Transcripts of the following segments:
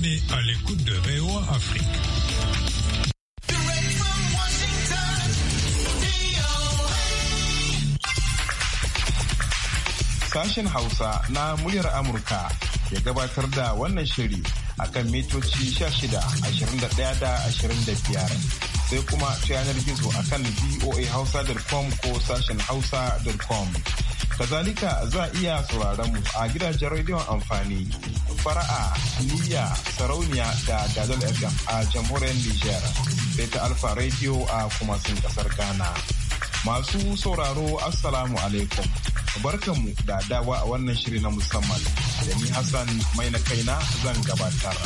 On est à l'écoute de VOA Afrique. Sashen Hausa na muryar Amurka ya gabatar da wannan shiri akan mitoci 16, 21 da 25. sai kuma ta yanar gizo a kan voahausa.com ko sashen hausa.com. Kazalika za a iya sauraron mu a gidajen rediyon amfani fara'a niyya sarauniya da dalil fm a jamhuriyar niger sai ta alfa radio a kumasin kasar ghana masu sauraro assalamu alaikum barkanmu da dawa a wannan shiri na musamman da ni hassan mai na kaina zan gabatar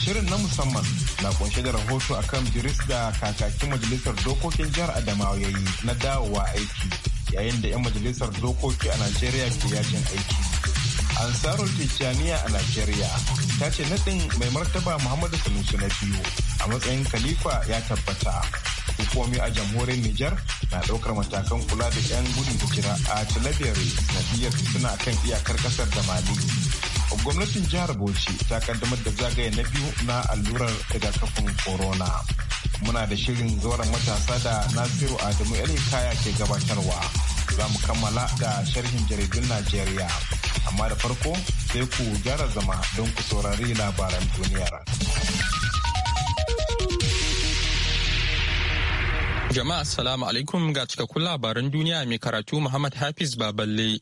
shirin na musamman na kunshe da rahoto a kan biris da kakakin majalisar dokokin jihar adamawa ya yi na dawowa aiki yayin da 'yan majalisar dokoki a najeriya ke yajin aiki ansarul tijjaniya a najeriya ta ce nadin mai martaba muhammadu sanusi na biyu a matsayin khalifa ya tabbata hukumomi a jamhuriyar nijar na ɗaukar matakan kula da 'yan gudun hijira a talabiyari na biyar suna kan iyakar ƙasar da mali gwamnatin jihar bauchi ta kaddamar da zagaye na biyu na allurar rigakafin corona muna da shirin zauren matasa da nasiru adamu kaya ke gabatarwa za mu kammala da sharhin jaridun najeriya amma da farko sai ku gyara zama don ku saurari labaran duniyar. Jama'a Assalamu alaikum ga cikakkun labaran duniya mai karatu Muhammad Hafiz Baballe.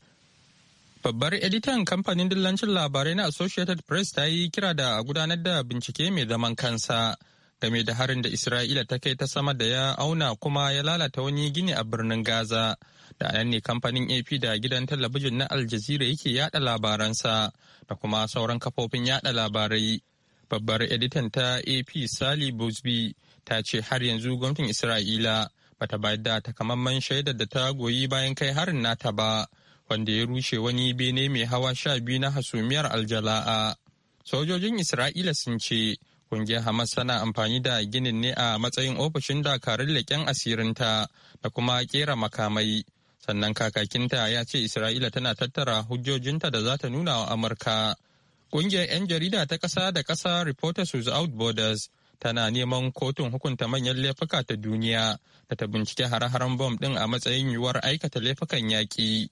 Babbar editan kamfanin dillancin labarai na Associated Press ta yi kira da gudanar da bincike mai zaman kansa. game da harin da Isra'ila ta kai ta sama da ya auna kuma ya lalata wani gini a birnin Gaza. Da nan ne kamfanin AP da gidan talabijin na Al Jazeera yake yada labaransa da kuma sauran kafofin yada labarai. Babbar editan ta AP Sally Busby ta ce har yanzu gwamnatin Isra'ila bata bayar da takamaiman shaidar da ta goyi bayan kai harin nata ba, wanda ya rushe wani bene mai hawa sha biyu na hasumiyar aljala'a. Sojojin Isra'ila sun ce Kungiyar Hamas tana amfani da ginin ne a matsayin ofishin dakarun leƙen asirinta da kuma ƙera makamai. Sannan kakakinta ya ce Isra'ila tana tattara hujjojinta da za ta nuna wa Amurka. Kungiyar 'yan jarida ta ƙasa da ƙasa Reporters Without Borders tana neman kotun hukunta manyan laifuka ta duniya da ta bincike hare-haren bom ɗin a matsayin yiwuwar aikata laifukan yaƙi.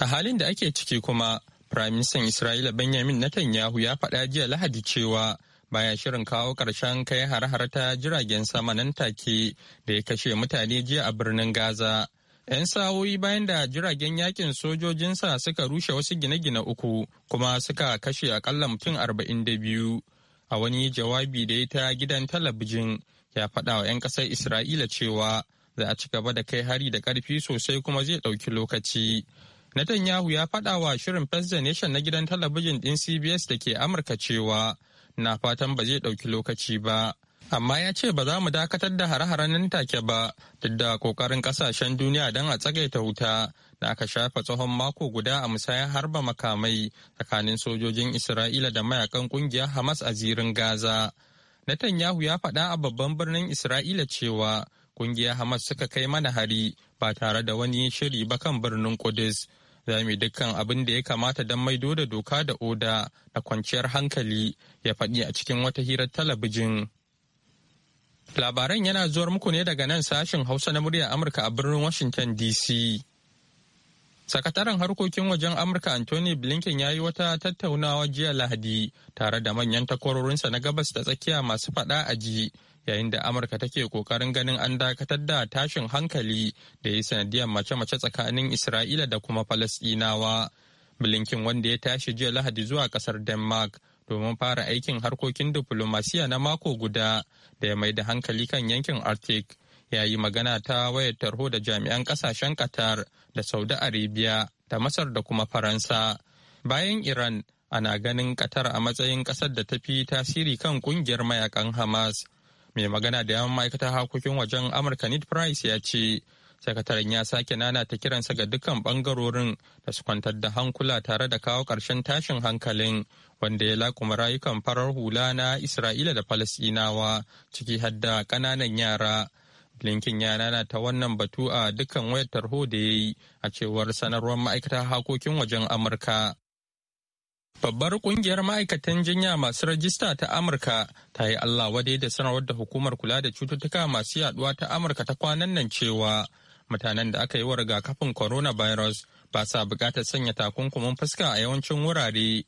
A halin da ake ciki kuma, Firaministan Isra'ila Benjamin Netanyahu ya faɗa jiya Lahadi cewa baya shirin kawo ƙarshen kai har-har ta jiragen sama nan take da ya kashe mutane jiya a birnin Gaza. 'Yan sa'o'i bayan da jiragen yakin sojojinsa suka rushe wasu gine-gine uku kuma suka kashe akalla mutum arba'in da biyu. A wani jawabi da ya ta gidan talabijin ya faɗa wa 'yan ƙasar Isra'ila cewa za a ci gaba da kai hari da ƙarfi sosai kuma zai ɗauki lokaci. Netanyahu ya faɗa wa shirin First Nation na gidan talabijin ɗin CBS da ke Amurka cewa na fatan ba zai ɗauki lokaci ba. Amma ya ce ba za mu dakatar da hare-haren nan take ba duk da ƙoƙarin ƙasashen duniya don a tsagaita wuta da aka shafa tsohon mako guda a musayar harba makamai tsakanin sojojin Isra'ila da mayakan ƙungiyar Hamas a zirin Gaza. Netanyahu ya faɗa a babban birnin Isra'ila cewa ƙungiyar Hamas suka kai mana hari ba tare da wani shiri ba kan birnin Kudus. za mu yi dukkan abin da ya kamata don maido da doka da oda da kwanciyar hankali ya faɗi a cikin wata hirar talabijin. Labaran yana zuwar muku ne daga nan sashen Hausa na muryar Amurka a birnin Washington DC. Sakataren harkokin wajen Amurka Anthony Blinken ya yi wata tattaunawa jiya Lahadi tare da manyan takwarorinsa na gabas da tsakiya masu faɗa a ji yayin da amurka take kokarin ganin an dakatar da tashin hankali da ya sanadiyar mace-mace tsakanin isra'ila da kuma falasɗinawa blinken wanda ya tashi jiya lahadi zuwa kasar denmark domin fara aikin harkokin diflomasiya na mako guda da ya mai da hankali kan yankin arctic ya yi magana ta wayar tarho da jami'an kasashen qatar da saudi arabia da masar da kuma faransa bayan iran ana ganin qatar a matsayin kasar da ta fi tasiri kan kungiyar mayakan hamas mai magana da yawan ma'aikatar harkokin wajen amurka ned price ya ce sakataren ya sake nana ta kiransa ga dukkan bangarorin da su kwantar da hankula tare da kawo ƙarshen tashin hankalin wanda ya lakuma rayukan farar hula na isra'ila da falasinawa ciki har da ƙananan yara blinken ya nana ta wannan batu a dukkan wayar tarho da ya yi a cewar sanarwar ma'aikatar harkokin wajen amurka Babbar kungiyar ma'aikatan jinya masu rajista ta Amurka ta yi Allah wadai da sanarwar da hukumar kula da cututtuka masu yaduwa ta Amurka ta kwanan nan cewa mutanen da aka yi wa rigakafin coronavirus ba sa bukatar sanya takunkumin fuska a yawancin wurare.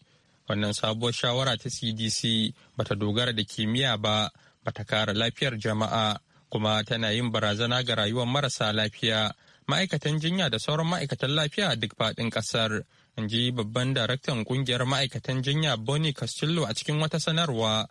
Wannan sabuwar shawara ta CDC ba ta dogara da kimiyya ba, ba ta kare lafiyar jama'a, kuma tana yin barazana ga rayuwar marasa lafiya, ma'aikatan jinya da sauran ma'aikatan lafiya a duk faɗin ƙasar. in ji babban daraktan kungiyar ma'aikatan jinya Bonnie Castillo a cikin wata sanarwa.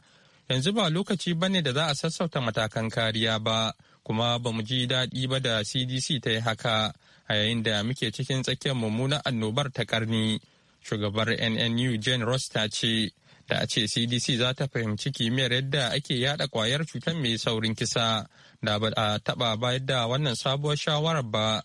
Yanzu ba lokaci ba ne da za a sassauta matakan kariya ba, kuma ba mu ji daɗi ba da CDC ta yi haka a yayin da muke cikin tsakiyar mummunan annobar ta karni Shugabar NNU Jane Ross ta ce, da a ce CDC za ta fahimci kimiyyar yadda ake yada kwayar cutar mai saurin kisa da ba a taɓa bayar da wannan sabuwar shawarar ba.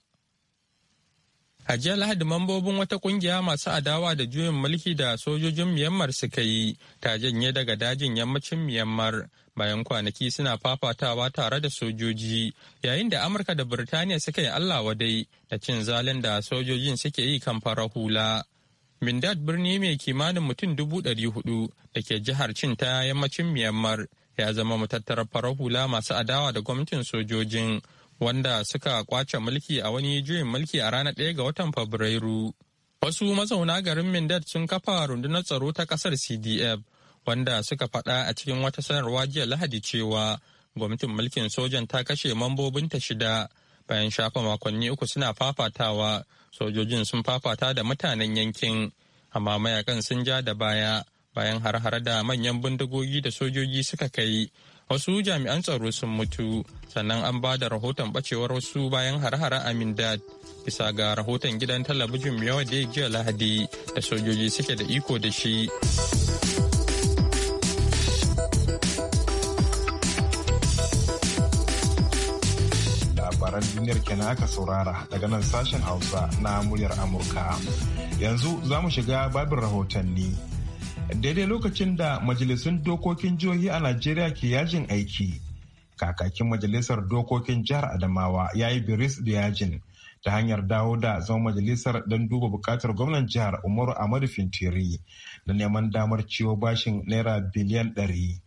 A jiya Lahadi mambobin wata kungiya masu adawa da juyin mulki da sojojin Myanmar suka yi ta janye daga dajin yammacin Myanmar bayan kwanaki suna fafatawa tare da sojoji yayin da Amurka da Birtaniya suka yi Allah wadai da cin zalin da sojojin suke yi kan farar hula. Mindad birni mai kimanin mutum dubu ɗari hudu da ke jihar cin ta yammacin Myanmar ya zama matattarar farar hula masu adawa da gwamnatin sojojin. wanda suka kwace mulki a wani juyin mulki a ranar ɗaya ga watan Fabrairu. Wasu mazauna garin Mindat sun kafa rundunar tsaro ta kasar CDF wanda suka faɗa a cikin wata sanarwa jiya Lahadi cewa gwamnatin mulkin sojan ta kashe mambobinta shida bayan shafa makonni uku suna fafatawa sojojin sun fafata da mutanen yankin amma mayakan sun ja da baya bayan har da manyan bindigogi da sojoji suka kai wasu jami'an tsaro sun mutu sannan an ba da rahoton bacewar wasu bayan har Amin da bisa ga rahoton gidan talabijin yawa da jiya lahadi da sojoji suke da iko da shi labaran duniyar kenan aka saurara daga nan sashen hausa na muryar amurka yanzu za mu shiga babin rahotanni daidai lokacin da majalisun dokokin jihohi a najeriya ke yajin aiki kakakin majalisar dokokin jihar adamawa ya yi biris da yajin ta hanyar dawo da zama majalisar don duba bukatar gwamnan jihar umaru Ahmadu fintiri da neman damar ciwo bashin naira biliyan ɗari.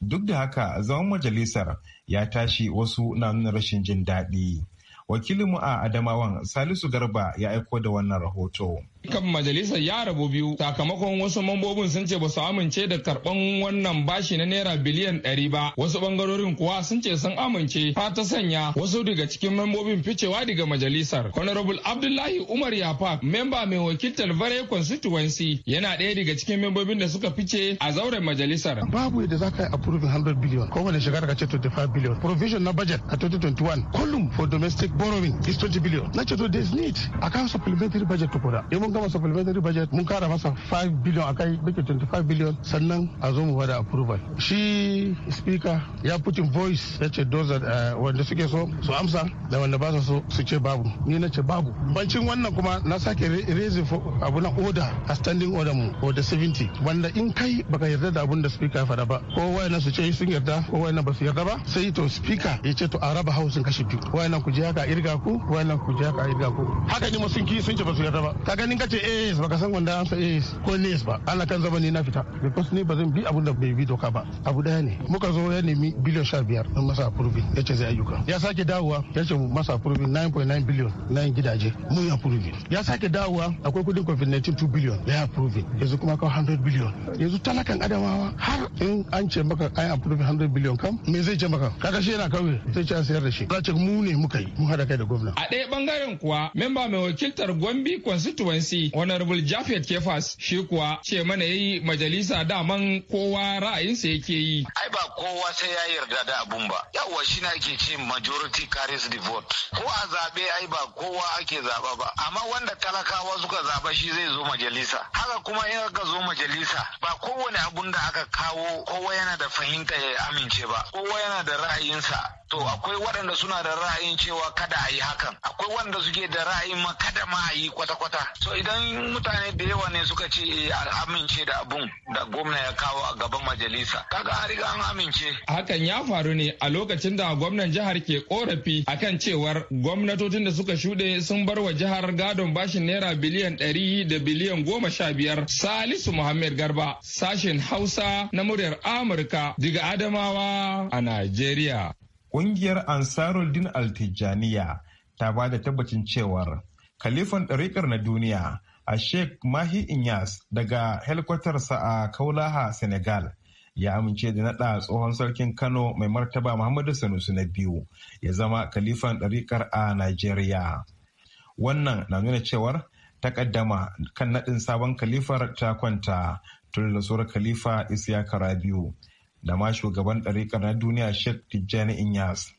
duk da haka zaman majalisar ya tashi wasu na nuna rashin jin daɗi wakilinmu a adamawan salisu garba ya aiko da wannan rahoto kan majalisar ya rabu biyu sakamakon wasu mambobin sun ce ba su amince da karban wannan bashi na naira biliyan ɗari ba wasu bangarorin kuwa sun ce sun amince fa ta sanya wasu daga cikin mambobin ficewa daga majalisar honorable abdullahi umar yafa memba mai wakiltar vare constituency yana ɗaya daga cikin mambobin da suka fice a zauren majalisar babu yadda zaka yi approving 100 billion kowane shekara ka ce 25 billion provision na budget a 2021 column for domestic borrowing is 20 billion na ce to is need a akan supplementary budget tukuna gama supplementary budget mun kara masa 5 billion akai duka 25 billion sannan a zo mu bada approval shi speaker ya putin voice ya ce those eh, wanda suke so su amsa da wanda ba su so su ce babu ni na ce babu bancin wannan kuma na sake raise abu na order a standing order mu order 70 wanda in kai baka yarda da abun da speaker ya faɗa ba ko wayannan su ce sun yarda ko wayannan ba su yarda ba sai to speaker ya ce to araba raba hausin kashi biyu wayannan ku je haka irga ku wayannan ku je haka irga ku haka ne ma sun ki sun ce ba su yarda ba ka gani ka ce eh baka san wanda an sa eh ko nes ba Allah kan zama ni na fita because ni ba zan bi abun da bai bi doka ba abu daya ne muka zo ya nemi biliyan sha biyar don masa approval ya ce zai ayyuka ya sake dawowa ya ce masa approval 9.9 biliyon na yin gidaje mun yi approval ya sake dawowa akwai kudin covid 19 2 biliyon ya approval yanzu kuma ka 100 biliyon yanzu talakan adamawa har in an ce maka an approval 100 biliyon kam me zai ce maka kaga shi yana kawai sai ce a sayar da shi ka ce mu ne muka yi mun hada kai da gwamna a ɗaya bangaren kuwa memba mai wakiltar gombe constituency APC Honorable Jafet Kefas shi kuwa ce mana yi majalisa daman kowa ra'ayinsa yake yi. Ai ba kowa sai ya yarda da abun ba. Yawwa shi na ke ce majority carries the vote. Ko a zaɓe ai ba kowa ake zaɓa ba. Amma wanda talakawa suka zaɓa shi zai zo majalisa. Haka kuma in aka zo majalisa ba kowane abun da aka kawo kowa yana da fahimta ya amince ba. Kowa yana da ra'ayinsa. to akwai waɗanda suna da ra'ayin cewa kada a yi hakan akwai waɗanda suke da ra'ayin ma kada ma a yi kwata-kwata so idan mutane da yawa ne suka ce eh, a amince da abun da gwamna ya kawo a gaban majalisa kaga an riga an amince hakan ya faru ne a lokacin da gwamnan jihar ke korafi akan cewar gwamnatocin da suka shuɗe sun bar wa jihar gadon bashin naira biliyan ɗari da biliyan goma sha biyar salisu muhammed garba sashen hausa na muryar amurka diga adamawa a najeriya Ƙungiyar din Altijaniya ta ba da tabbacin cewar Kalifan ɗariƙar na duniya a Sheikh Mahi Inyas daga helikwatarsa a Kaulaha, Senegal. ya amince da naɗa tsohon sarkin Kano mai martaba Muhammadu Sanusi na biyu ya zama kalifan ɗariƙar a nigeria Wannan na nuna cewar takaddama kan naɗin sabon kalifar ta kwanta tun da tsohon kalifa Isiya biyu da ma shugaban ɗariƙar na duniya Sheikh Tijjani Inyas.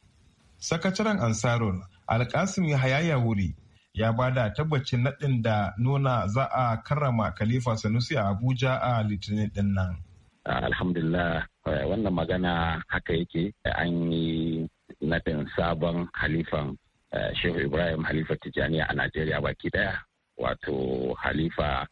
Sakataren Ansarun Alkasim Yahaya Wuri ya ba da tabbacin naɗin da nuna za a karrama Khalifa Sanusi a Abuja a Litinin ɗin nan. Alhamdulillah eh, wannan magana haka yake an yi naɗin sabon Khalifan eh, sheikh Ibrahim Halifa Tijjani a Najeriya baki ɗaya wato Halifa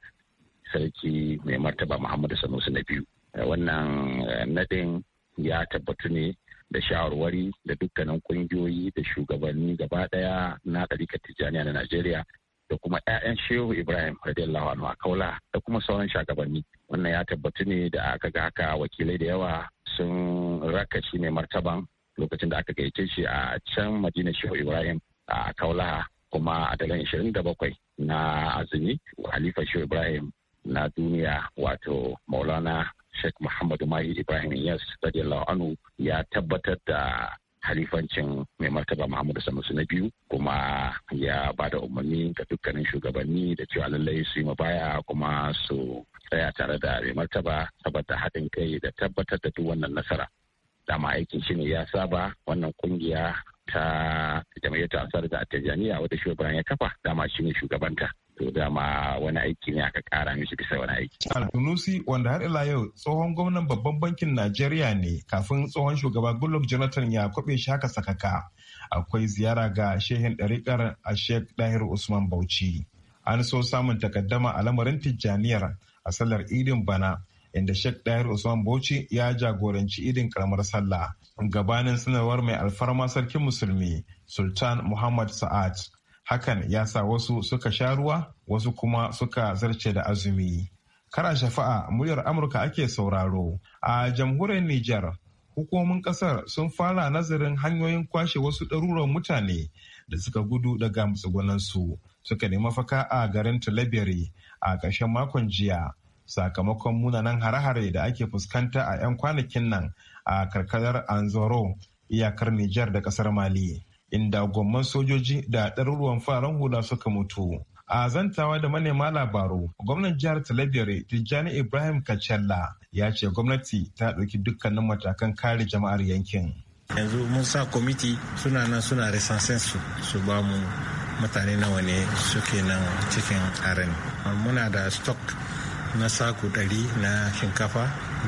Sarki mai martaba Muhammadu Sanusi na biyu. Eh, wannan eh, nadin ya tabbatu ne da shawarwari da dukkanin kungiyoyi da shugabanni gaba daya na ɗarikar tijjaniya na najeriya da kuma 'ya'yan shehu ibrahim radiyallahu anhu a kaula da kuma sauran shugabanni wannan ya tabbatu ne da aka ga haka wakilai da yawa sun raka shi ne martaban lokacin da aka gaice shi a can madina shehu ibrahim a kaulaha kuma a daren 27 na azumi halifa shehu ibrahim na duniya wato maulana Sheikh Muhammadu Mahi Ibrahim Yas radiyallahu anhu ya tabbatar da halifancin mai martaba Muhammadu Sanusi na biyu kuma ya ba da umarni ga dukkanin shugabanni da cewa lallai su yi mabaya kuma su tsaya tare da mai martaba saboda haɗin kai da tabbatar da duk wannan nasara. Dama aikin shi ne ya saba wannan kungiya ta jami'ar ta asar da Tijjaniya wadda shugaban ya kafa dama shi ne shugabanta. to dama wani aiki ne aka kara mishi bisa wani aiki. Altunusi wanda har ila yau tsohon gwamnan babban bankin Najeriya ne kafin tsohon shugaba Goodluck Jonathan ya kwabe shi haka sakaka. Akwai ziyara ga shehin ɗariƙar a Sheikh Dahir Usman Bauchi. An so samun takaddama a lamarin tijjaniyar a sallar idin bana inda Sheikh Dahir Usman Bauchi ya jagoranci idin karamar sallah gabanin sanarwar mai alfarma sarkin musulmi Sultan Muhammad Sa'ad. hakan ya sa wasu suka sha ruwa wasu kuma suka zarce da azumi kara shafa'a muryar amurka ake sauraro a jamhuriyar niger hukumomin kasar sun fara nazarin hanyoyin kwashe wasu ɗaruruwan mutane da suka gudu daga matsugunansu suka nemi mafaka a garin talabiri a ƙarshen makon jiya sakamakon munanan hare-hare da ake fuskanta a 'yan kwanakin nan a karkarar anzoro iyakar niger da kasar mali inda gwamman sojoji da ɗaruruwan faran hula suka mutu. a zantawa da manema labaru gwamnan jihar talabiyar tijjani ibrahim kacella ya ce gwamnati ta ɗauki dukkanin matakan kare jama'ar yankin yanzu mun sa kwamiti suna nan suna resansen su ba mu mutane nawa ne suke nan cikin aren muna da stock na saku ɗari na shinkafa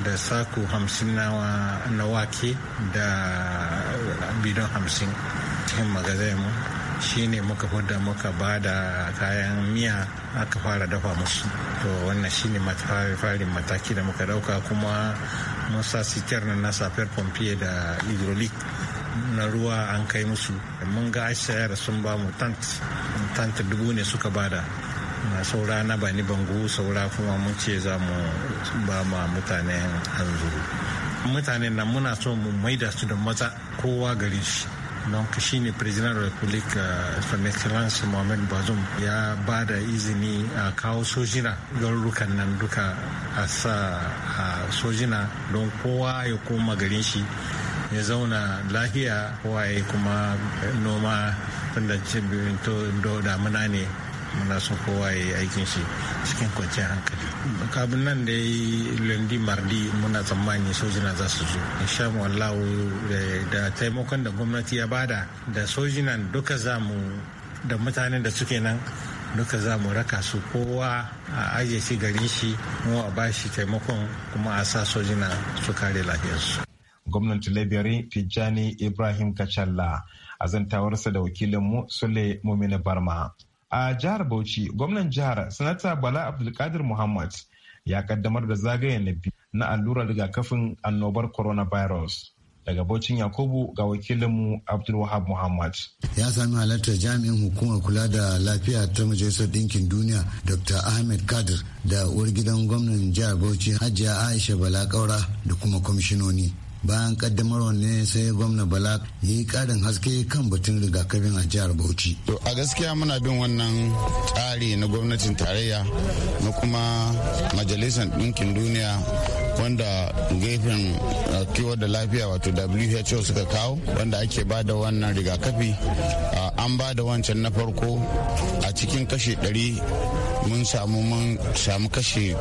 da saku hamsin na wake da bidon hamsin. cikin magazin mu ne muka fudda muka ba da kayan miya aka fara dafa musu to wannan shine farin mataki da muka dauka kuma mun sa sitar na safiyar pompier da hydraulic na ruwa an kai musu mun ga ashayar sun ba mu tant tant dubu ne suka bada na saura na bani bangu saura kuma mun ce za mu ba ma mutanen hanzu mutanen nan muna so mu maida su da maza kowa gari shi don shi ne president republic euh, son excellence mohamed bazoum ya ba da izini a kawo sojina garurukan nan duka a sa sojina don kowa ya koma garin shi ya zauna lafiya kowa ya kuma noma tun da damuna ne muna son kowa ya yi aikin shi cikin kwanciyar hankali kabin nan da yi lundi mardi muna tsammani sojina za su zo sha mu eh, da taimakon da gwamnati ya bada da sojinan duka za mu da mutanen da suke nan duka za mu raka su kowa a ajiye shi garin shi mu a bashi taimakon kuma a sa sojina su kare lafiyarsu gwamnati labirin tijjani ibrahim kacalla a zantawarsa da wakilinmu sule mumina barma a jihar bauchi gwamnan jihar sanata bala abdulkadir muhammad ya kaddamar da zagaye na biyu na allurar rigakafin annobar coronavirus daga bocin yakubu ga wakilinmu abdulwahab muhammad ya sami halartar jami'in hukumar kula da lafiya ta majalisar ɗinkin duniya dr ahmed kadir da uwar gidan gwamnan jihar bauchi hajiya aisha bala kaura da kuma kwamishinoni bayan kaddamarwa ne sai gwamna bala ya yi karin haske kan batun rigakafin a jihar bauchi to a gaskiya muna bin wannan tsari na gwamnatin tarayya na kuma majalisar ɗinkin duniya wanda gefen kiwo da lafiya wato who suka kawo wanda ake ba da wannan rigakafi an ba da wancan na farko a cikin kashe 100 mun samu mun samu kashe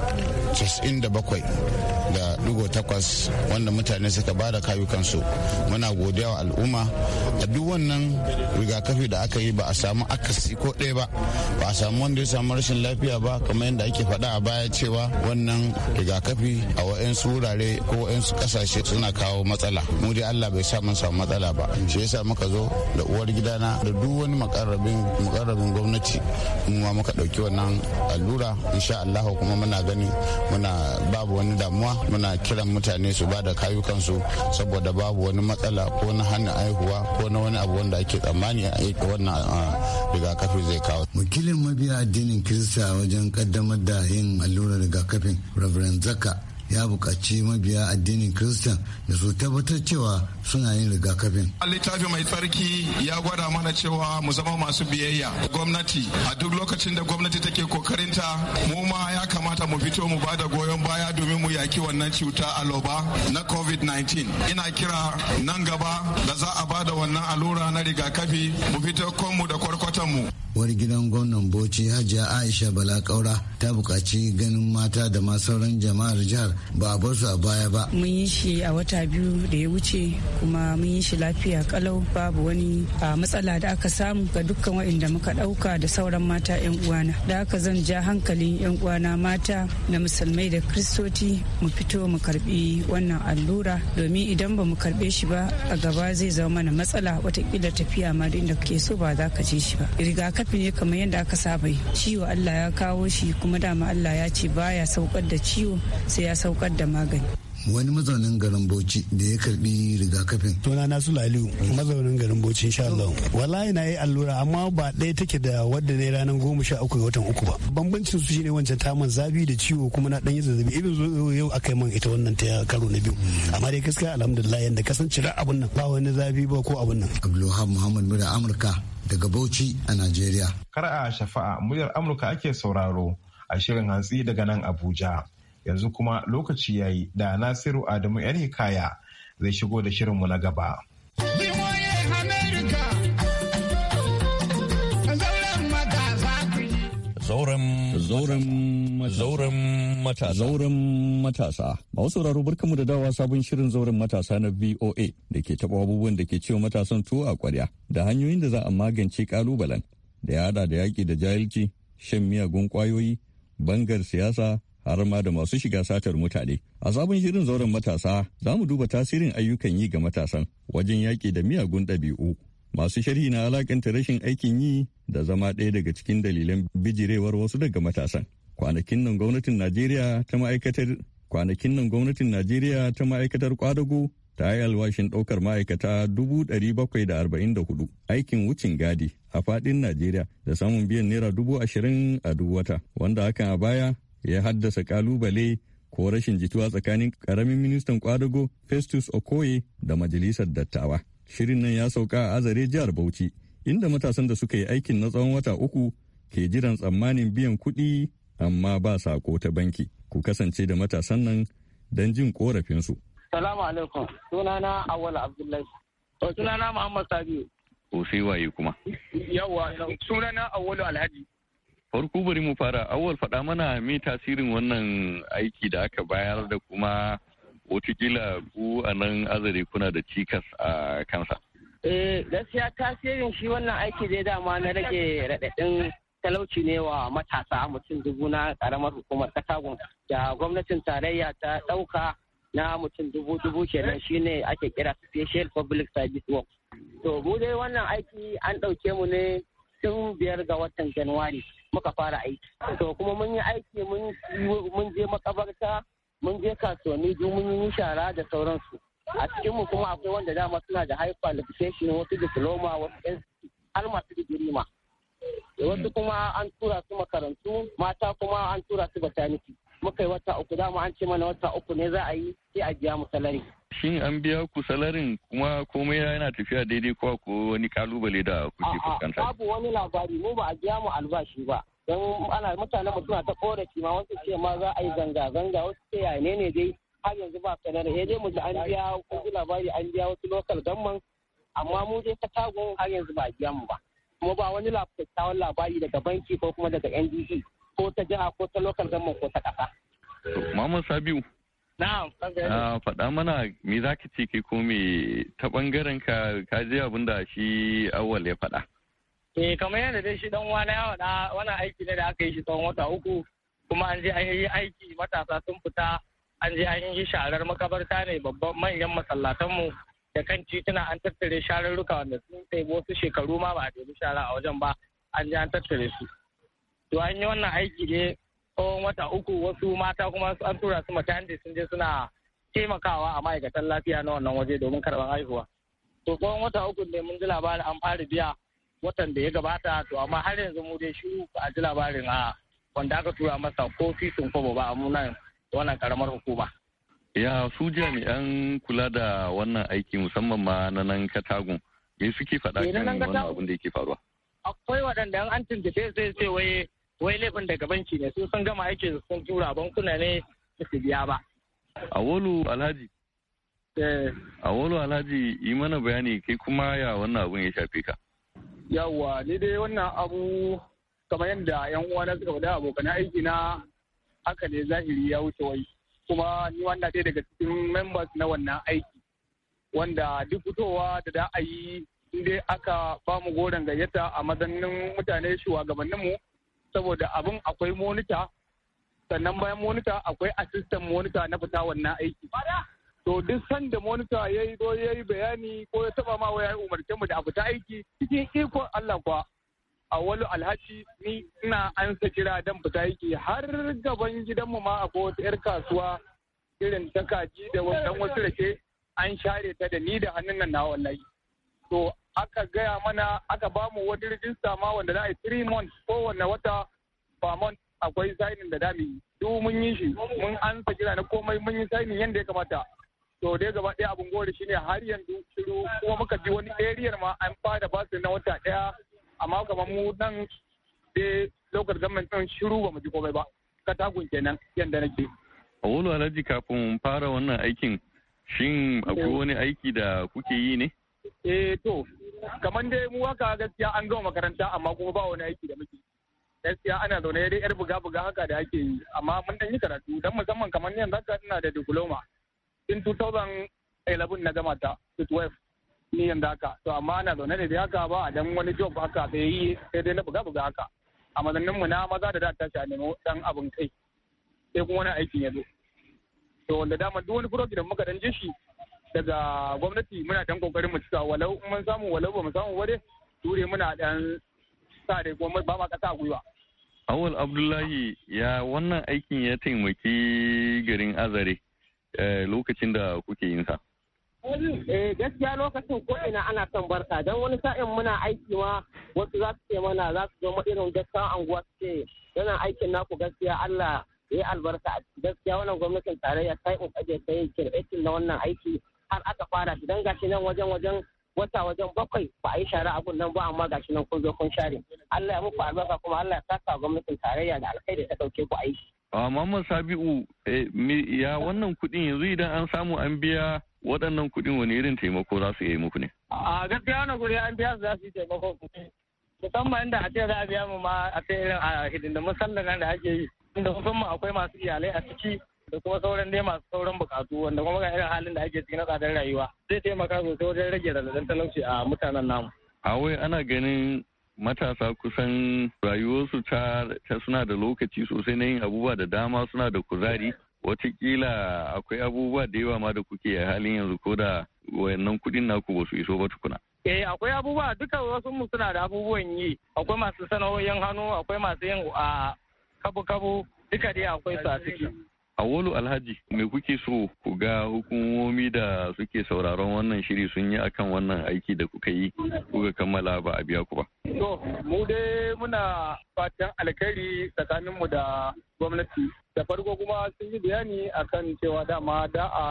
97 da digo takwas wanda mutane suka ba da kayukansu muna godiya wa al'umma a duk wannan rigakafi da aka yi ba a samu akasi ko ɗaya ba ba a samu wanda ya samu rashin lafiya ba kamar yadda ake faɗa a baya cewa wannan rigakafi a wa'ansu wurare ko wa'ansu ƙasashe suna kawo matsala mu dai allah bai sa mun samu matsala ba shi yasa muka zo da uwar gidana da duk wani makarrabin gwamnati kuma muka ɗauki wannan allura insha allahu kuma muna gani muna babu wani damuwa muna ana kiran mutane su ba da kayukansu saboda babu wani matsala ko na hannun aihuwa ko na wani abu wanda ake tsammani a wannan rigakafi zai kawo. wakilin mabiya addinin kirista wajen kaddamar da yin allurar rigakafin reverend zaka ya buƙaci mabiya addinin Kirista da su tabbatar cewa suna yin rigakafin. littafi mai tsarki ya gwada mana cewa mu zama masu biyayya gwamnati a duk lokacin da gwamnati take kokarinta mu ma ya kamata mu fito mu ba da goyon baya domin mu yaki wannan cuta aloba na covid-19 ina kira nan gaba da za a ba da wannan allura na rigakafi mu fito kanmu da kwarkwatanmu wani gidan gwamnan bauchi hajiya aisha bala kaura ta buƙaci ganin mata da masauran sauran jama'ar jihar ba a baya ba. Mun yi shi a wata biyu da ya wuce kuma mun yi shi lafiya kalau babu wani a matsala da aka samu ga dukkan waɗanda muka ɗauka da sauran mata 'yan uwana. Da aka zan ja hankalin 'yan uwana mata na musulmai da kristoti mu fito mu karbi wannan allura domin idan ba mu karbe shi ba a gaba zai zama mana matsala watakila tafiya ma da ke so ba za ka je shi ba. Rigakafi ne kamar yadda aka saba ciwo Allah ya kawo shi kuma dama Allah ya ce baya saukar da ciwo sai ya saukar da magani wani mazaunin garin Bauchi da ya karbi rigakafin. Tuna na su Aliyu mazaunin garin Bauchi insha Allah. Wallahi na yi allura amma ba ɗaya take da wadda ne ranar goma sha uku watan uku ba. Bambancin su shine wancan ta man zabi da ciwo kuma na ɗan yi zazzabi irin zo yau akai man ita wannan ta karo na biyu. Amma dai gaskiya alhamdulillah yanda kasance ra abun nan ba wani zabi ba ko abun nan. Abdulwahab Muhammad Mura Amurka daga Bauchi a Najeriya. Kar a shafa'a muryar Amurka ake sauraro a shirin hantsi daga nan Abuja. yanzu kuma lokaci ya yi da nasiru adamu yan hikaya zai shigo da shirinmu na gaba. Zauren matasa. Zauren matasa. Masu sauraro barkamu da dawa sabon shirin zauren matasa na VOA da ke taɓa abubuwan da ke cewa matasan tuwo a kwarya da hanyoyin da za a magance kalubalen da ya da yaƙi da jahilci, shan miyagun ƙwayoyi, bangar siyasa, har ma da masu shiga satar mutane. A sabon shirin zauren matasa za mu duba tasirin ayyukan yi ga matasan wajen yaƙi da miyagun ɗabi'u. Masu sharhi na alakanta rashin aikin yi da zama ɗaya daga cikin dalilan bijirewar wasu daga matasan. Kwanakin nan gwamnatin Najeriya ta ma'aikatar kwanakin nan gwamnatin Najeriya ta ma'aikatar kwadago ta yi alwashin ɗaukar ma'aikata da da arba'in hudu. aikin wucin gadi a faɗin Najeriya da samun biyan naira dubu ashirin a duk wata wanda hakan a baya ya haddasa kalubale ko rashin jituwa tsakanin karamin ministan kwadago festus okoye da majalisar dattawa shirin nan ya sauka a azare jihar bauchi inda matasan da suka yi aikin na tsawon wata uku ke jiran tsammanin biyan kuɗi amma ba sako ta banki ku kasance da matasan nan don jin korafinsu. salamu alaikum sunana awal abdullahi sunana muhammad sabiu ko waye kuma yawa sunana awal alhaji Farko bari mu fara awal faɗa mana me tasirin wannan aiki da aka bayar da kuma wataƙila ku a nan azare kuna da cikas a kansa. Eh gaskiya tasirin shi wannan aiki dai dama na rage raɗaɗin talauci ne wa matasa mutum dubu na ƙaramar hukumar katagun da gwamnatin tarayya ta ɗauka na mutum dubu dubu kenan ne ake kira special public service work to mu dai wannan aiki an ɗauke mu ne tun biyar ga watan januwari muka fara aiki to kuma mun yi aiki mun je makabarta mun je kasuwanni duk mun yi shara da sauransu a cikinmu kuma akwai wanda dama suna da high qualification wasu diploma wasu yan har masu digiri ma wasu kuma an tura su makarantu mata kuma an tura su bataniki muka yi wata uku dama an ce mana wata uku ne za a yi sai a biya mu salari. Shin an biya ku salarin kuma komai yana tafiya daidai ko ko wani kalubale da kuke fuskanta? Babu wani labari mu ba a biya mu albashi ba. Don ana mutane mu suna ta korafi ma wasu ce ma za a yi zanga-zanga wasu ce ya ne ne dai har yanzu ba sanarwa. Ya mu ji an biya kun labari an biya wasu lokal gamman amma mu dai katagun har yanzu ba a biya mu ba. Kuma ba wani tawon labari daga banki ko kuma daga ndc. E. ko ta jiha ko ta local government ko ta kasa. Maman Sabiu. Na'am, faɗa mana me za ka ce kai ko ta ɓangaren ka ka ji abin da shi awal ya faɗa. Eh kamar yadda dai shi dan wani ya faɗa wani aiki ne da aka yi shi tsawon wata uku kuma an je an yi aiki matasa sun fita an je an yi sharar makabarta ne babban manyan masallatanmu da kan tituna an tattare shararruka wanda sun sai wasu shekaru ma ba a ɗebi shara a wajen ba an je an tattare su. to an yi wannan aiki ne tsawon wata uku wasu mata kuma an tura su yadda sun je suna taimakawa a ma'aikatan lafiya na wannan waje domin karɓar haihuwa to tsawon wata uku ne mun ji labarin an fara biya watan da ya gabata to amma har yanzu mu dai shiru ba a ji labarin a wanda aka tura masa ko fitin ko ba a muna wannan karamar hukuma ya su jami'an kula da wannan aiki musamman ma na nan katagun me suke faɗa kan wannan abin da yake faruwa akwai waɗanda an tuntube sai sai wai wai laifin daga banki ne su sun gama aikin sun tura bankuna ne su biya ba a wolu alhaji eh. a wolu alhaji yi mana bayani kai kuma ya wannan abun ya shafe ka yawwa ni dai wannan abu kamar yadda yan na suka faɗa abokan aiki na haka ne zahiri ya wuce wai kuma ni wanda ɗaya daga cikin members na wannan aiki wanda duk fitowa da da a yi inda aka bamu goron gayyata a mazanin mutane shugabanninmu saboda abin akwai monita sannan bayan monita akwai asistan monita na fita wannan aiki to duk sanda monita ya yi zo ya yi bayani ko ya taba ma waya umarce mu da a fita aiki cikin ikon Allah kuwa a wani alhaji ni ina an sa kira dan fita aiki har gaban gidan mu ma akwai wata 'yar kasuwa irin ta kaji da wannan wasu rake an share ta da ni da hannun nan na wallahi to aka gaya mana aka ba mu wani rijista ma wanda za a yi 3 months kowane wata ba month akwai signing da dami duk mun yi shi mun ansa kira na komai mun yi signing yadda ya kamata to dai gaba ɗaya abin gori shine har yanzu shiru kuma muka ji wani area ma an fara basu na wata ɗaya amma kamar mu nan dai lokacin government ɗin shiru ba mu ji komai ba katagun kenan yadda nake. a wani alhaji kafin fara wannan aikin shin akwai wani aiki da kuke yi ne? eh to kamar dai mu haka gaskiya an gama makaranta amma kuma ba wani aiki da muke gaskiya ana zaune dai yar buga buga haka da ake yi amma mun dan yi karatu dan musamman kamar ni yanzu ina da diploma in 2011 na gama ta 12 ni yanzu haka to amma ana zaune ne dai haka ba dan wani job haka sai yi sai dai na buga buga haka a mazannin mu na maza da da ta sha nemo dan abin kai sai kuma wani aikin ya zo to wanda dama duk wani program muka dan je shi daga gwamnati muna dan kokarin mu cika walau mun samu walau ba mu samu ba dai ture muna dan sa dai kuma ba ma kasa gwiwa awal abdullahi ya wannan aikin ya taimaki garin azare eh, lokacin da kuke yin sa eh gaskiya lokacin ko ina ana son barka dan wani sa'in muna aiki ma wasu za su ce mana za su zama irin gaskiya anguwa su ce yana aikin naku gaskiya Allah ya albarka gaskiya wannan gwamnatin tarayya ta yi kaje ta yi kirɓe na wannan aiki har aka fara su don gashi nan wajen wajen wata wajen bakwai ba a yi shara abun nan ba amma gashi nan kun zo kun share Allah ya muku albarka kuma Allah ya saka gwamnatin tarayya da alkhairi ta dauke ku aiki a ah, mamman sabi'u eh, ya wannan kuɗin yanzu idan an samu an biya waɗannan kuɗin wani irin taimako za su yi muku ne a ah, gaskiya na guri an biya su za su yi taimako musamman inda a ce za a biya mu ma a ce irin a hidindimin sallar da ake yi inda musamman akwai masu iyalai a ciki da kuma sauran dai masu sauran bukatu wanda kuma ga irin halin da ake ciki na tsadar rayuwa zai taimaka sosai wajen rage radadin talauci a mutanen namu. a wai ana ganin matasa kusan rayuwarsu ta suna da lokaci sosai na yin abubuwa da dama suna da kuzari watakila akwai abubuwa da yawa ma da kuke a halin yanzu ko da wayannan kudin naku ba su iso ba tukuna. Eh akwai abubuwa duka wasu mu suna da abubuwan yi akwai masu sana'o'in hannu akwai masu yin a kabu kabu duka dai akwai su a ciki. a wolo alhaji me kuke so ku ga hukumomi da suke sauraron wannan shiri sun yi akan wannan aiki da kuka yi kuka kammala ba a biya ku ba to mu dai muna fatan alkhairi mu da gwamnati da farko kuma sun yi bayani akan cewa dama da a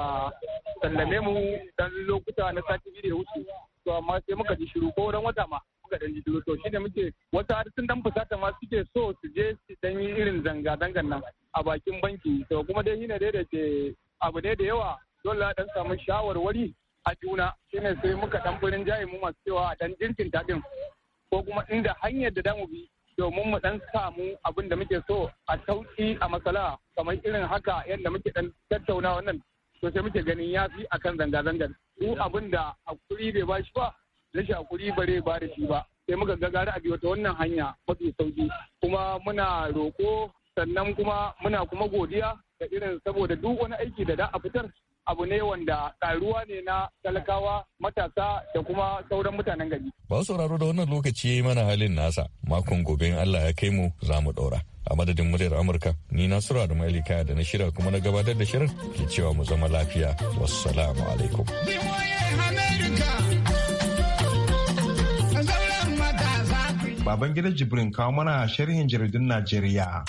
sallame mu dan lokuta na sati biyu da wuce to amma sai muka ji shiru ko wurin wata ma kuka dan jidiro to shine muke wata har sun dan fusata ma suke so su je su dan yi irin zanga dangan nan a bakin banki to kuma dai shine dai da ke abu ne da yawa dole a dan samu shawarwari a juna shine sai muka dan burin jaye mu masu cewa a dan jirkin tadin ko kuma inda hanyar da damu bi domin mu dan samu abin da muke so a sauki a masala kamar irin haka yadda muke dan tattauna wannan to sai muke ganin yafi akan zanga-zangar su abin da hakuri bai bashi ba na shakuri bare ba da shi ba sai muka ga a biyo ta wannan hanya mafi sauki kuma muna roko sannan kuma muna kuma godiya da irin saboda duk wani aiki da da a fitar abu ne wanda karuwa ne na talakawa matasa da kuma sauran mutanen gari. Ba sauraro da wannan lokaci mana halin nasa makon gobe Allah ya kai mu za mu ɗora. A madadin muryar Amurka ni na sura da kaya da na shirya kuma na gabatar da shirin ke cewa mu zama lafiya. Wassalamu alaikum. Babangida Jibrin kawo mana sharhin jaridun Najeriya.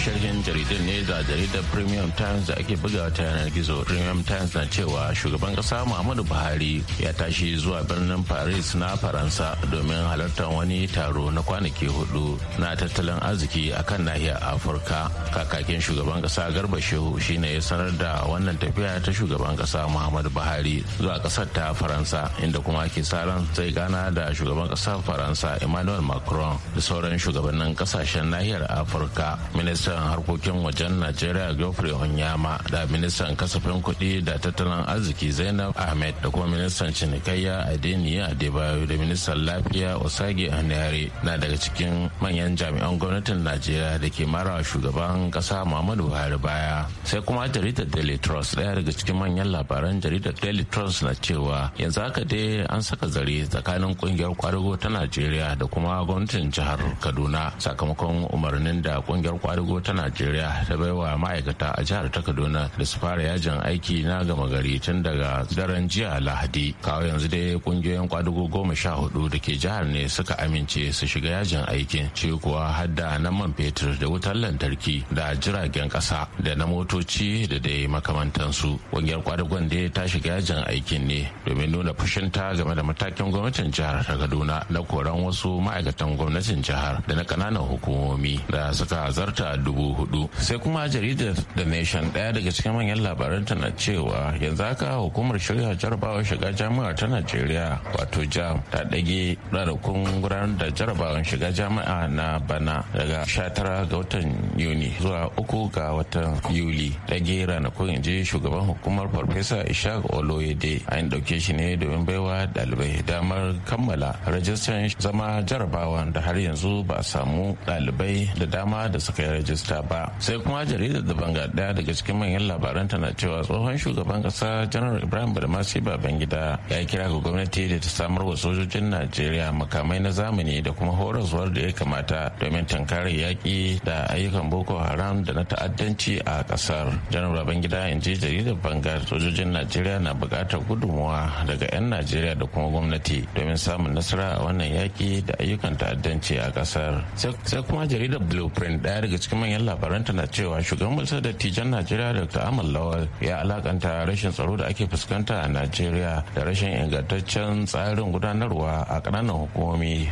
sharhin jaridar ne da jaridar premium times da ake buga ta yanar gizo premium times na cewa shugaban kasa muhammadu buhari ya tashi zuwa birnin paris na faransa domin halartar wani taro na kwanaki hudu na tattalin arziki a kan nahiyar afirka kakakin shugaban kasa garba shehu shine ya sanar da wannan tafiya ta shugaban kasa muhammadu buhari zuwa kasar ta faransa inda kuma ke sa ran zai gana da shugaban kasar faransa emmanuel macron da sauran shugabannin kasashen nahiyar afirka minista ministan harkokin wajen najeriya geoffrey onyama da ministan kasafin kuɗi da tattalin arziki zainab ahmed da kuma ministan cinikayya adeniyi adebayo da ministan lafiya osage anayare na daga cikin manyan jami'an gwamnatin najeriya da ke mara shugaban kasa muhammadu buhari baya sai kuma jaridar daily trust daya daga cikin manyan labaran jaridar daily trust na cewa yanzu haka dai an saka zare tsakanin kungiyar kwadago ta najeriya da kuma gwamnatin jihar kaduna sakamakon umarnin da kungiyar kwadago ta najeriya ta baiwa ma'aikata a jihar ta kaduna da su fara yajin aiki na gama gari tun daga daren jiya lahadi kawo yanzu dai kungiyoyin kwadugo goma sha hudu da ke jihar ne suka amince su shiga yajin aikin ce kuwa hadda na man fetur da wutar lantarki da jiragen kasa da na motoci da dai makamantansu kungiyar kwadugon dai ta shiga yajin aikin ne domin nuna fushinta game da matakin gwamnatin jihar ta kaduna na koran wasu ma'aikatan gwamnatin jihar da na kananan hukumomi da suka zarta dubu sai kuma jaridar da nation daya daga cikin manyan labaran tana cewa yanzu haka hukumar shirya jarabawar shiga jami'a ta najeriya wato jam ta ɗage ranakun gudanar da jarabawar shiga jami'a na bana daga 19 ga watan yuni zuwa uku ga watan yuli dage ranakun in je shugaban hukumar farfesa ishaq oloyede an ɗauke shi ne domin baiwa ɗalibai damar kammala rajistan zama jarabawan da har yanzu ba samu ɗalibai da dama da suka yi Minista ba. Sai kuma jaridar da banga daya daga cikin manyan labaran na cewa tsohon shugaban kasa Janar Ibrahim Badamasi gida ya kira ga gwamnati da ta samar wa sojojin Najeriya makamai na zamani da kuma horaswar da ya kamata domin tankarar yaƙi da ayyukan Boko Haram da na ta'addanci a kasar. Janar Babangida in ji jaridar banga sojojin Najeriya na buƙatar gudunmuwa daga 'yan Najeriya da kuma gwamnati domin samun nasara a wannan yaƙi da ayyukan ta'addanci a kasar. Sai kuma jaridar Blueprint ɗaya daga cikin manyan labaranta na cewa shugaban majalisar dattijan najeriya dr amal lawal ya alakanta rashin tsaro da ake fuskanta a najeriya da rashin ingantaccen tsarin gudanarwa a ƙananan hukumomi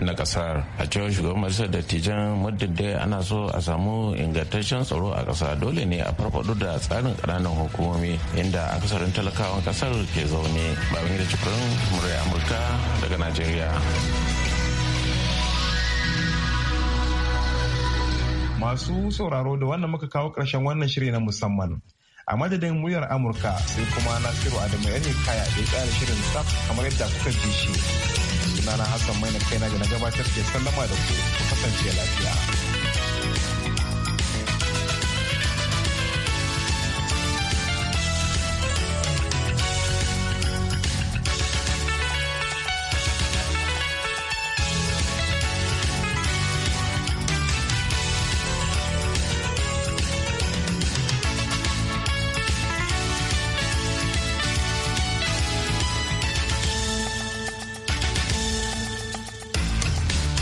na ƙasar a cewar shugaban majalisar dattijan muddin ana so a samu ingantaccen tsaro a kasa dole ne a farfaɗo da tsarin ƙananan hukumomi inda akasarin talakawan kasar ke zaune babin da cikin murya amurka daga najeriya Masu sauraro da wannan muka kawo ƙarshen wannan shiri na musamman. A madadin muryar Amurka sai kuma na Nasiru Adamu ya kaya da ya tsara shirin sa kamar yadda kuka ji shi. Sunana Hassan Maina na da na gabatar ke sallama da ku kasance lafiya.